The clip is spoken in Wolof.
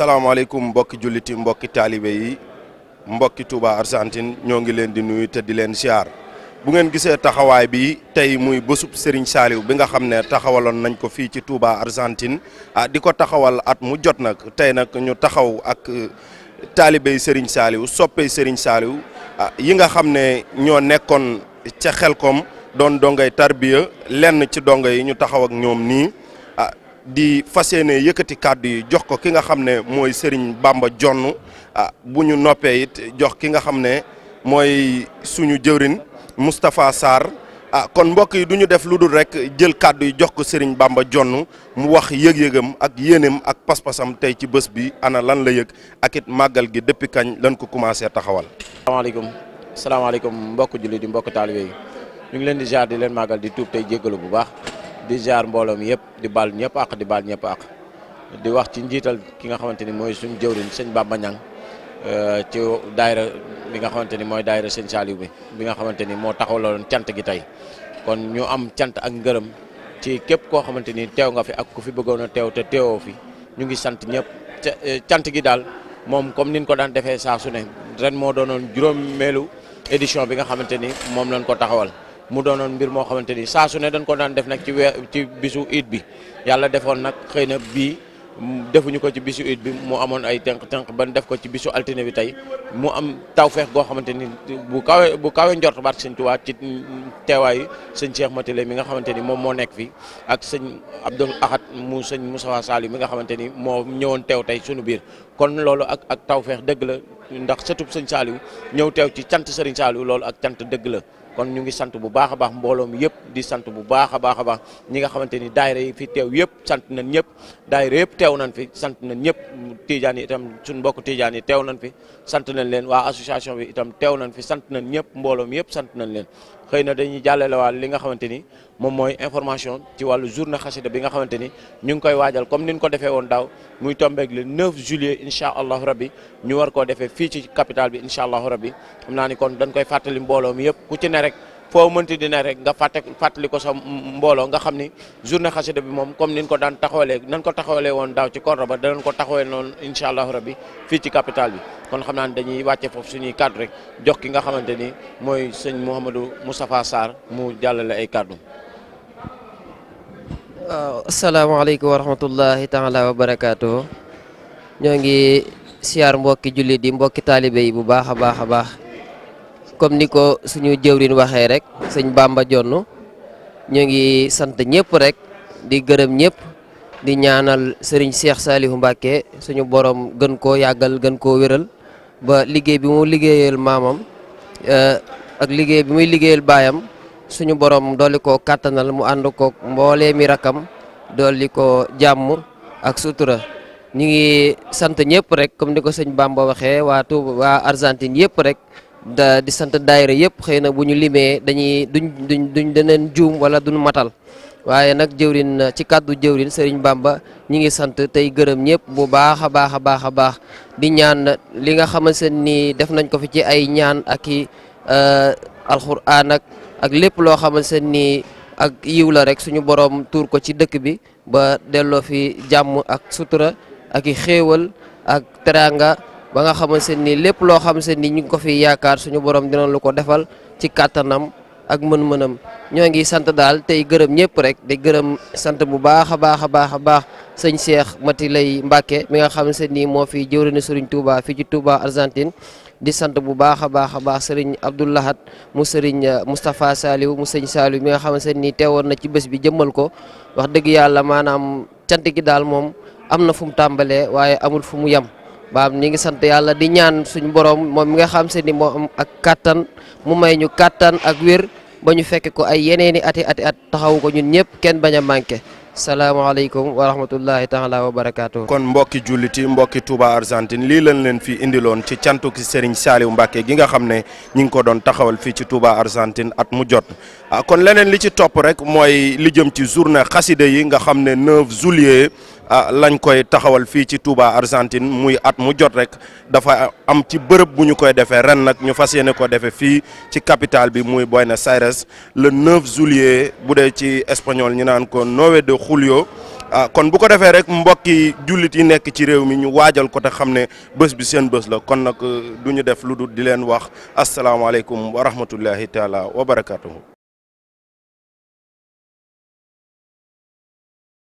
salaamaaleykum mbokki julliti mbokki taalibe yi mbokki Touba Argentine ñoo ngi leen di nuyu te di leen siar bu ngeen gisee taxawaay bi tey muy bésub Serigne Saliou bi nga xam ne taxawaloon nañ ko fii ci Touba Argentine ah di ko taxawal at mu jot nag tey nag ñu taxaw ak eh, talibe yi Serigne Saliou soppe Serigne Saliou ah yi nga xam ne ñoo nekkoon ca xel kom doon dongay tarbiya lenn ci dongo yi ñu taxaw ak ñoom nii. di fas yéene yëkkati kàddu yi jox ko ki nga xam ne mooy Serigne Bamba Jonn ah bu ñu noppee it jox ki nga xam ne mooy suñu jëwrin Moustapha Sarr a ah, kon mbokk yi du ñu def lu dul rek jël kàddu yi jox ko Serigne Bamba Jonn mu wax yëg-yëgam ak yéeneem ak pas-pasam tey ci bés bi ana lan la yëg akit màggal gi depuis kañ lan ko commencé taxawal. salaamaaleykum salaamaaleykum mbokk jullit di mbokk taalibe yi ñu ngi leen di jaar di leen màggal di tuub tey jéggalu bu baax. di ziar mbooloom yëpp di baal ñëpp àq di baal ñëpp àq di wax ci njiital ki nga xamante ni mooy suñu jëwriñ sëñ Bamba Ñang euh, ci daayira bi nga xamante ni mooy daayira seen Saliou bi bi nga xamante ni moo taxawaloon cant gi tey kon ñu am cant ak ngërëm ci képp koo xamante ni teew nga fi ak ku fi bëggoon a teew te teewoo fi ñu ngi sant ñëpp euh, cant gi daal moom comme niñ ko daan defee saa su ne ren moo doonoon juróom meelu édition bi nga xamante ni moom lañ ko taxawal mu doonoon mbir moo xamante ni saa su ne dañ ko daan def nag ci weer ci bisu iid bi yàlla defoon nag xëy na bii defuñu ko ci bisu iid bi mu amoon ay tenq tënk ban def ko ci bisu altine bi tey mu am tawfeex goo xamante ni bu kawee bu kawe njort baat sëñ Tuubaa ci teewaayu sëñ ma tele mi nga xamante ni moom moo nekk fi ak sëñ Abdul Ahad mu sëñ Moussa Sall mi nga xamante ni moo ñëwoon teew tey sunu biir kon loolu ak ak tawfeex dëgg la ndax sëtub sëñ Saliou ñëw teew ci cant sëriñ Saliou loolu ak cant dëgg la kon ñu ngi sant bu baax a baax mbooloo mi yëpp di sant bu baax a baax a baax ñi nga xamante ni daayira yi fi teew yëpp sant nañ ñëpp daayira yëpp teew nañ fi sant nañ ñëpp tiijaan yi itam suñ mbokk tiijaan yi teew nañ fi sant nañ leen waa association bi itam teew nañ fi sant nañ ñëpp mbooloo mi yëpp sant nañ leen xëy na dañuy jàllale waal li nga xamante ni moom mooy information ci wàllu jour journée xasida bi nga xamante ni ñu ngi koy waajal comme ni ñu ko defee woon daaw muy tombeeg le 9 juillet incha allahu rabbi ñu war koo defee fii ci capitale bi incha allahu rabbi xam naa ni kon dañ koy fàttali mbooloo mi yëpp ku ci ne rek foo mënti dina rek nga fàtte fàttali ko sa mbooloo nga xam ni journée xasida bi moom comme niñ ko daan taxawalee nan ko taxawalee woon daaw ci ba danañ ko taxawee noonu incha allahu rabbi fii ci capital bi kon xam naa ne dañuy wàcce foofu suñuy kàddu rek jox ki nga xamante ni mooy sëñ Mouhamadou Moustapha Sarr mu jàllale ay kàddu. waaw asalaamaaleykum wa rahmatullahi taala wa barakaatu ñoo ngi siyaar mbokki jullit di mbokki taalibe yi bu baax a baax a baax. comme ni ko suñu jëwrin waxee rek sëñ Bamba Jonn ñu ngi sant ñëpp rek di gërëm ñëpp di ñaanal sëriñ Cheikh Saliou Mbacké suñu borom gën koo yàggal gën koo wéral ba liggéey bi mu liggéeyal maamam eh, ak liggéey bi muy liggéeyal baayam suñu borom dolli koo kattanal mu ànd koo mboolee mi rakam dolli ko jàmm ak sutura ñu ngi sant ñëpp rek comme ni ko sëñ Bamba waxee waa Touba waa Argentine yëpp rek di sant daayira yëpp xëy na bu ñu limee dañuy duñ duñ duñ daneen juum walla duñ matal waaye nag jëwrin ci kàddu jëwrin sëriñ Serigne ba ñu ngi sant tey gërëm ñëpp bu baax a baax a baax a baax di ñaan li nga xamante ni def nañ ko fi ci ay ñaan ak i euh, alxuraan ak ak lépp loo xamante ni ak yiw la rek suñu boroom tuur ko ci dëkk bi ba delloo fi jàmm ak sutura ak i xéewal ak teraanga ba nga xamante ni lépp loo xamante ni ñu ngi ko fi yaakaar suñu borom dina lu ko defal ci kàttanam ak mën-mënam ñoo ngi sant daal tey gërëm ñëpp rek di gërëm sant bu baax a baax a baax a baax sëñ Cheikh Mati lay Mbacke mi nga xamante ni moo fi jëwriñu Serigne Touba fii ci Touba Argentine. di sant bu baax a baax a baax sëriñ Abdoulahat mu sëriñ Moustapha Saliou mu sëñ Saliou mi nga xamante ni teewoon na ci bés bi jëmmal ko wax dëgg yàlla maanaam cant gi daal moom am na fu mu tàmbalee waaye amul fu mu yem. baam ñi ngi sant yàlla di ñaan suñu borom moom mi nga xam se ni moo am ak kattan mu may ñu kàttan ak wér ba ñu fekk ko ay yeneeni ati ati at taxawu ko ñun ñëpp kenn bañ a manqué salaamaaleykum wa rahmatullahi taala wa barakaatu. kon mbokki jullit yi mbokki Touba Argentine lii lañ leen fi indiloon ci cantu ki Serigne Saliou Mbacké gi nga xam ne ñi ngi ko doon taxawal fii ci Touba Argentine at mu jot. Ah, kon leneen li ci top rek mooy li jëm ci journée xasida yi nga xam ne 9 juillet. Ah, lañ koy taxawal fii ci Touba Argentine muy at mu jot rek dafa am ci bërëb bu ñu koy defee ren nag ñu fas yéene ko defee fii ci capitale bi muy Buenos Aires le 9 juillet bu dee ci espagnol ñu naan ko 9 de julio ah kon bu ko defee rek mbokki jullit yi nekk ci réew mi ñu waajal ko te xam ne bës bi seen bës la kon nag euh, du ñu def lu dul di leen wax asalaamaaleykum wa rahmatullahi taala wa barakatuhu